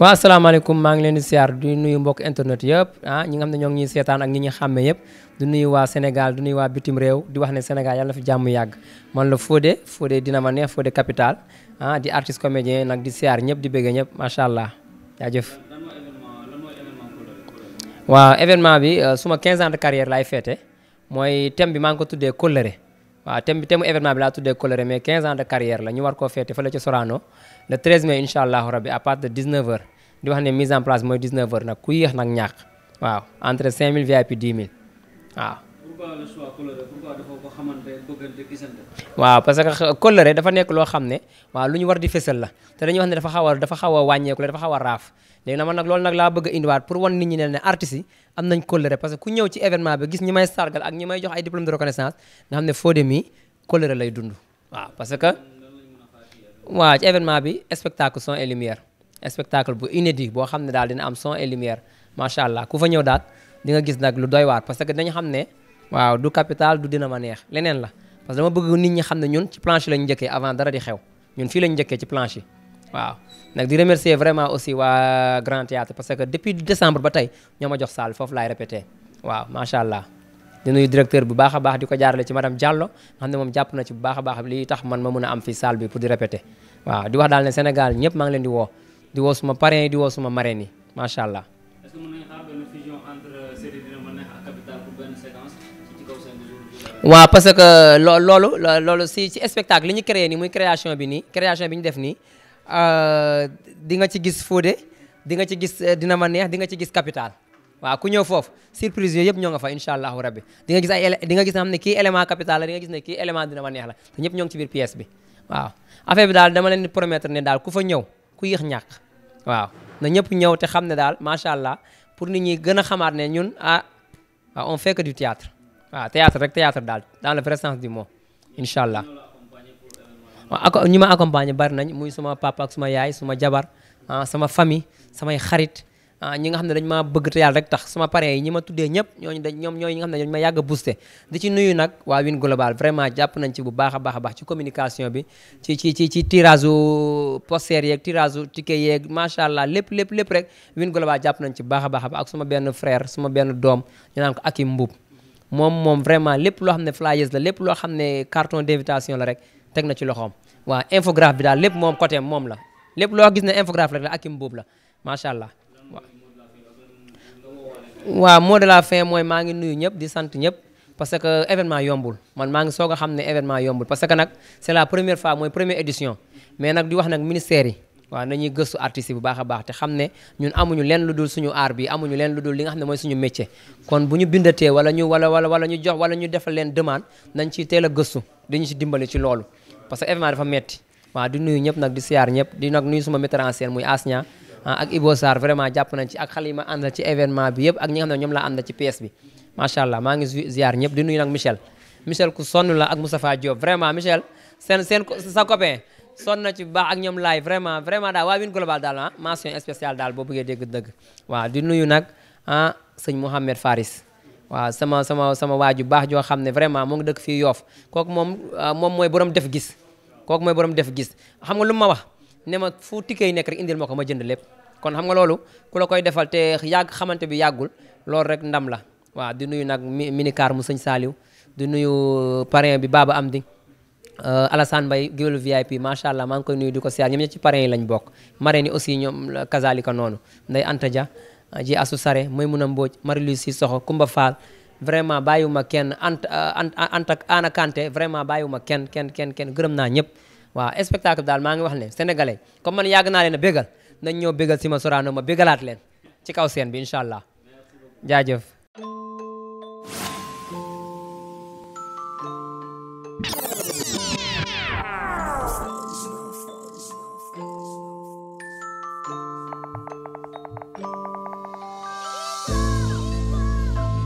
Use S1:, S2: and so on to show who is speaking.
S1: waaw asalaamaaleykum maa ngi leen di siyaar di nuyu mbokk internet yëpp ah ñi nga xam ne ñoo ngi ñuy seetaan ak ñi ñu xàmmee yëpp du nuyu waa Sénégal di nuy waa bitim réew di wax ne Sénégal yàlla na fi jàmm yàgg man la Fodé Fodé dina ma neex Fodé capital ah di artiste comédien nag di siyaar ñëpp di bëggee ñëpp macha allah jaajëf. waaw événement bi euh, suma 15 ans de carrière laay féete mooy thème bi maa ngi ko tuddee kóllëre. waaw thème bi thème événement bi laa tuddee coloré mais 15 ans de carrière la ñu war koo feete fële ci Sorano le 13 mai incha allahu rabbi à partir de 19h di wax ne mise en place mooy 19h nag ku yéex nag ñàkk waaw entre VIP 10 waaw. waaw parce que kóllëre dafa nekk loo hamne. Wah, waaw lu war di fésal la te nyuar wax ne dafa xaw wanya dafa xaw a raf. la dafa xaw a raaf léegi na man nag loolu nag laa bëgg a indiwaat pour wan nit ñi ne ne artistes yi am nañ kóllëre parce que ku ñëw ci événement bi gis ñi may sargal ak ñi may jox ay diplôme de reconnaissance nga xam ne lay dund waaw parce que waaw ci événement bi spectacle son et lumière spectacle bu inédit boo xam ne daal dina am son et lumière macha allah ku fa ñëw daal di nga gis nag lu doy parce que dañu ne waaw du capital du dina ma neex leneen la parce que dama bëgg nit ñi xam ne ñun ci planche lañu njëkkee avant dara di xew ñun fii lañu njëkkee ci planche waaw nag di remercier vraiment aussi waa Grand Théâtre parce que depuis décembre ba tey ñoo ma jox salle foofu laay répété waaw macha allah. di nuyu directeur bu baax a baax di ko jaarale ci madame Diallo nga xam ne moom jàpp na ci bu baax a baax li tax man ma mun a am fii salle bi pour di répété waaw di wax daal ne Sénégal ñëpp maa ngi leen di woo di woo suma parrain yi di woo suma marraine yi macha allah. waaw parce que loo loolu loolu si si spectacle li ñu créé nii muy création bi nii création bi ñu def nii euh, di nga ci gis foode di nga ci gis euh, dina ma neex di nga ci gis capital waaw ku ñëw foofu surprise yëpp ñoo nga fa incha allahu rabbi di nga gis ay di nga gis xam ne kii élément capital la ne kii élément dina ma neex la te ñëpp ñoo ngi ci biir pièce bi waaw affaire bi daal dama leen di ne daal ku fa ñëw ku yéex ñàkk waaw na ñëpp ñëw te xam ne daal macha allah pour nit ñi gën xamaat ne ah, On ah, on fait que du théâtre Ah, théâtre rek théâtre dans le vrai sens du mot inshaAllah. On ah, m'accompagnons, m'accompagnent, suis mon nañ muy suma papa ak suma yaay suma ah, famille Ah, ñi nga xam ne dañ maa bëgg te yàlla rek tax suma parents yi ñi ma tuddee ñëpp ñooñu dañ ñooy ñi nga xam ne dañ ma yàgg a di ci nuyu nag waa Win Global vraiment jàpp nañ ci bu baax a baax a ci communication bi ci ci ci ci tirage u poster yeeg tirage yeeg macha allah lépp lépp lépp rek Win Global jàpp nañ ci baax a baax ak suma benn frère suma benn doom ñu naan ko Akim Mbuub moom moom vraiment lépp loo xam ne flyers la lépp loo xam ne carton d'invitation la rek teg na ci loxoom waa infographe bi daal lépp moom côté moom la lépp loo gis ne infographe rek la Akim la macha allah wa mot de la fin moi maa ngi nuyu ñëpp di sant parce que événement yombul man maa ngi événement parce que c'est la première fois la première édition mais nag di wax au ministère yi waaw nañuy artistes bu baax a baax te xam ñun amuñu art bi amuñu métier kon bu ñu wala ñu wala ci à la ci dimbali ci parce que événement dafa metti wa di nuyu nag di siyaar ñëpp di nag nuyu suma Ah, ak Ibo Sarr vraiment jàpp nañ ci ak xale yi ma àndal ci événement bi yëpp ak ñi nga xam ne ñoom laa àndal ci pièce bi macha allah maa ngi ziar ñëpp di nuyu nag Michel Michel ku sonn la ak Moustapha Diop vraiment Michel seen seen sa copain sonn na ci bu baax ak ñoom laay vraiment vraiment daal waa Win Global daal ah mention spéciale daal boo bëggee dégg dëgg waaw di nuyu nag ah sëñ Mouhamed Faris waaw sama sama sama waaju baax joo xam ne vraiment mu ngi dëkk fii Yoff kooku moom ah, moom mooy borom def gis kooku mooy borom def gis xam nga lu ma wax ne ma fu ticket nekk rek indil ma ko ma jënd lépp kon xam nga loolu ku la koy defal te yàgg xamante bi yàggul loolu rek ndam la waaw di nuyu nag minicar mu sëñ Saaliw di nuyu parrain bi Baba Amdi euh, Alassane Mbaye géwélu VIP macha allah maa ngi koy nuyu di ko siyaar ñoom ñoo ci parrain yi lañ bokk marraine yi aussi ñoom kazalika noonu nday Anta Dia ji assu sare mooy mun a mbooj marie si soxo Kumba Fall vraiment ma kenn ant euh, ant ant ak Ana Kanté vraiment bàyyiwuma kenn kenn kenn kenn gërëm naa ñëpp waaw spectacle daal maa ngi wax ne sénégalais comme man yàgg naa leen a bégal nañ ñëw bégal si ma Sorano ma bégalaat leen ci kaw seen bi incha allah